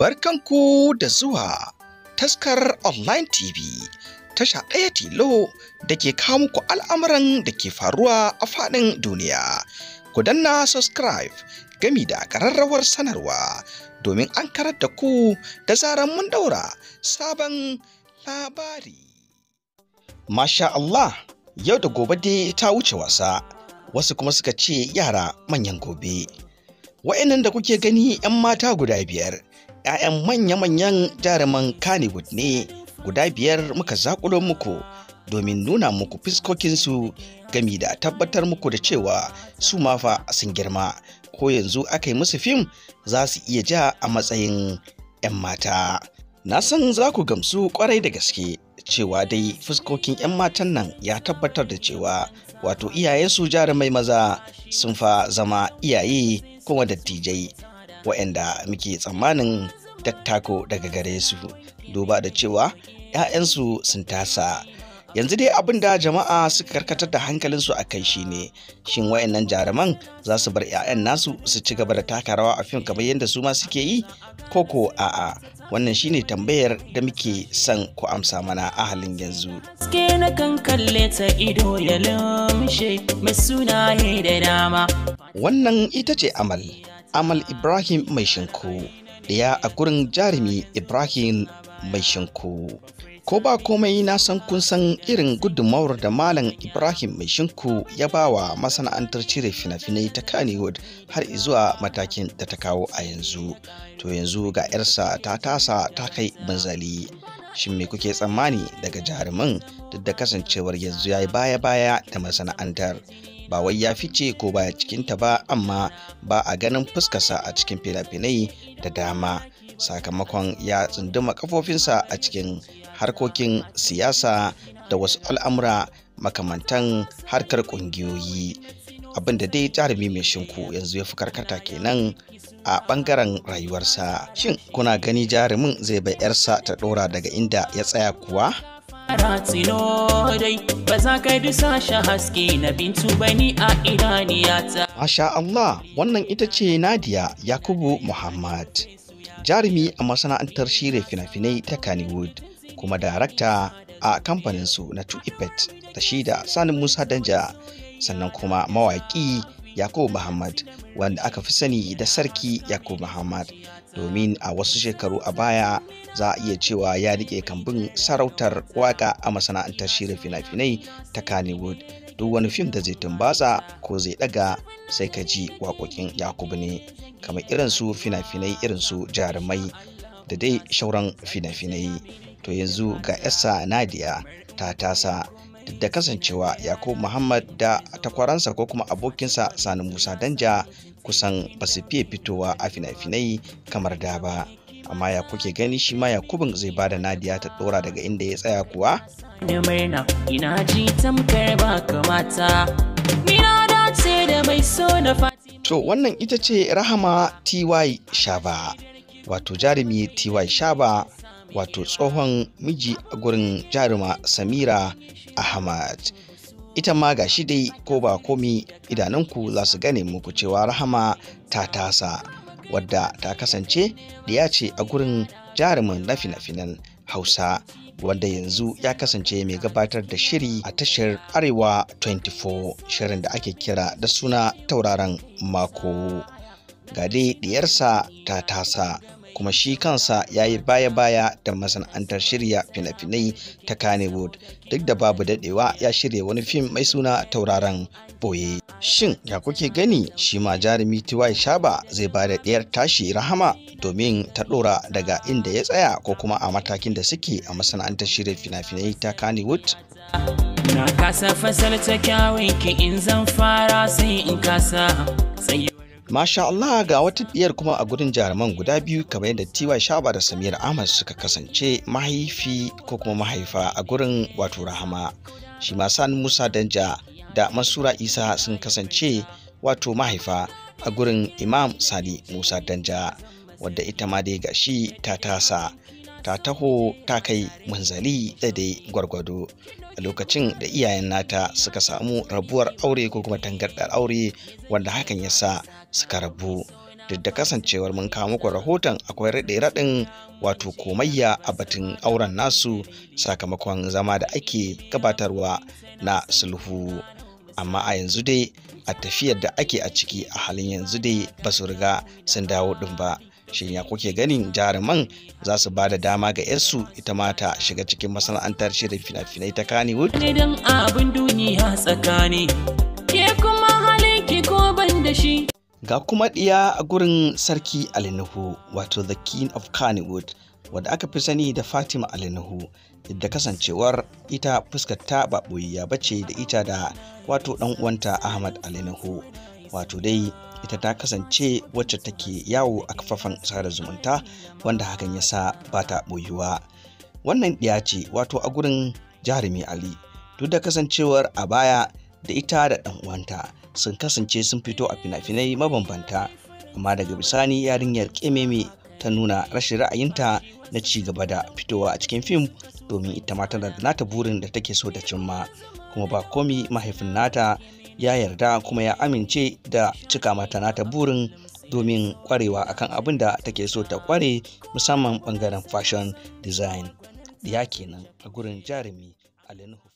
barkanku da zuwa taskar online tv tasha ɗaya tilo da ke kawo muku al'amuran da ke faruwa a faɗin duniya ku danna subscribe gami da ƙararrawar sanarwa domin an karar da ku da zaran mun daura sabon labari masha Allah yau da gobe dai ta wuce wasa wasu kuma suka ce yara manyan gobe wa'annan da kuke gani 'yan mata guda biyar 'ya'yan manya-manyan jaruman Kannywood ne guda biyar muka zakulo muku domin nuna muku fiskokinsu gami da tabbatar muku da cewa su mafa sun girma ko yanzu aka yi musu fim za su iya ja a matsayin 'yan mata. Na san za ku gamsu kwarai da gaske cewa dai fuskokin 'yan matan nan ya tabbatar da cewa wato iyayensu jarumai maza sun fa zama iyaye kuma dattijai waɗanda muke tsammanin tattako daga gare su duba da cewa 'ya'yansu sun tasa yanzu dai abin da jama'a suka karkatar da hankalinsu a kai shine shin wayannan jaruman za su bar 'ya'yan nasu su ci gaba da taka rawa a fim kamar yadda su ma suke yi koko a'a wannan shine tambayar da muke son ku amsa mana a halin yanzu wannan ita ce amal amal ibrahim mai shinku ɗaya a gurin jarumi ibrahim mai shinku ko ba komai na san kun san irin gudunmawar da malam ibrahim mai shinku ya ba wa masana'antar cire fina-finai ta kannywood har zuwa matakin da ta kawo a yanzu to yanzu ga 'yarsa ta tasa ta kai banzali shin me kuke tsammani daga jarumin duk da kasancewar yanzu ya yi baya-baya da masana'antar ba wai ya fice ko baya cikinta ba amma ba a ganin fuskarsa a cikin fina-finai da dama sakamakon ya tsunduma kafofinsa a cikin harkokin siyasa da wasu al'amura makamantan harkar ƙungiyoyi Abin da dai jarumi mai shinku yanzu ya fi karkata kenan a bangaren rayuwarsa shin kuna gani jarumin zai bai yarsa ta dora daga inda ya tsaya kuwa Masha Allah wannan ita ce Nadia Yakubu Muhammad jarumi a masana'antar shirya fina-finai ta Kannywood kuma darakta a kamfaninsu na 2 da shida, da Sani Musa Danja sannan kuma mawaƙi Yakubu Muhammad wanda aka fi sani da Sarki Yakubu Muhammad domin a wasu shekaru a baya za a iya cewa ya rike kambin sarautar waka a masana'antar shirin fina-finai ta Kannywood duk wani fim da zai tumbatsa ko zai daga sai ka ji waƙoƙin Yakubu ne kamar irinsu fina-finai irinsu jarumai da dai shauran fina-finai to yanzu ga yasa Nadia ta tasa duk da kasancewa yakub muhammad da takwaransa ko kuma abokinsa sani musa danja kusan ba su fiye fitowa a fina-finai kamar da ba amma ya kuke gani shi ma yakubin zai bada nadiya ta dora daga inda ya tsaya kuwa to wannan ita ce rahama ty shaba wato jarumi ty shaba wato tsohon miji a gurin jaruma samira ahmad ita ma ga shi dai ko ba komi idanunku za su gane muku cewa rahama ta tasa wadda ta kasance da ya ce a gurin jarumin na fina-finan hausa wanda yanzu ya kasance mai gabatar da shiri a tashar arewa 24 shirin da ake kira da suna tauraron mako ga dai diyarsa ta tasa kuma shi kansa ya yi baya-baya da masana'antar shirya fina-finai ta Kannywood duk da babu dadewa ya shirya wani fim mai suna tauraron boye. Shin ya kuke gani shi ma jarumi T.Y. Shaba zai ba da ɗiyar tashi rahama domin ta ɗora daga inda ya tsaya ko kuma a matakin da suke a masana'antar shirya fina-finai ta Kannywood? Na kasa fasalta kyawun ki in zan fara sai in kasa Masha Allah ga wata biyar kuma a gurin jaruman guda biyu kamar yadda Tiwa Shaba da Samir Ahmad suka kasance mahaifi ko kuma mahaifa a gurin wato Rahama. Shi ma Sani Musa Danja da masura Isa sun kasance wato mahaifa a gurin Imam Sani Musa Danja wadda ita ma dai ga shi ta tasa ta taho ta kai manzali da dai gwargwado. a lokacin da iyayen nata suka samu rabuwar aure ko kuma tangarɗar aure wanda hakan ya sa suka rabu duk da kasancewar mun kawo muku rahoton akwai raɗe-raɗin wato komayya a batun auren nasu sakamakon zama da ake gabatarwa na sulhu amma a yanzu dai a tafiyar da ake a ciki a halin yanzu dai ba su riga sun dawo ɗin ba shin ya kuke ganin jaruman za su ba da dama ga yarsu ita mata shiga cikin masana'antar shirin fina-finai ta kanewood idan abin duniya tsakani ke kuma halin ki ko ban da shi ga kuma ɗiya a gurin sarki alinuhu wato the king of kannywood wadda aka fi sani da fatima alinuhu da kasancewar ita ta ba ya bace da ita da wato ɗan uwanta ahmad alinuhu wato dai ita ta kasance wacce take yawo a kafafen sada zumunta wanda hakan ya sa ba ta ɓoyuwa wannan ɗiya ce wato a gurin jarumi ali duk da kasancewar a baya da ita da ɗan uwanta sun kasance sun fito a fina-finai mabambanta amma daga bisani yarinyar kememe ta nuna rashin ra'ayinta na ci gaba da fitowa a cikin fim domin ita ma tana da nata burin da take so da cimma kuma ba komi mahaifin nata ya yarda kuma ya amince da cika mata nata burin domin kwarewa akan abin da take so ta kware musamman bangaren fashion design ya kenan a gurin jarumi lenuhu.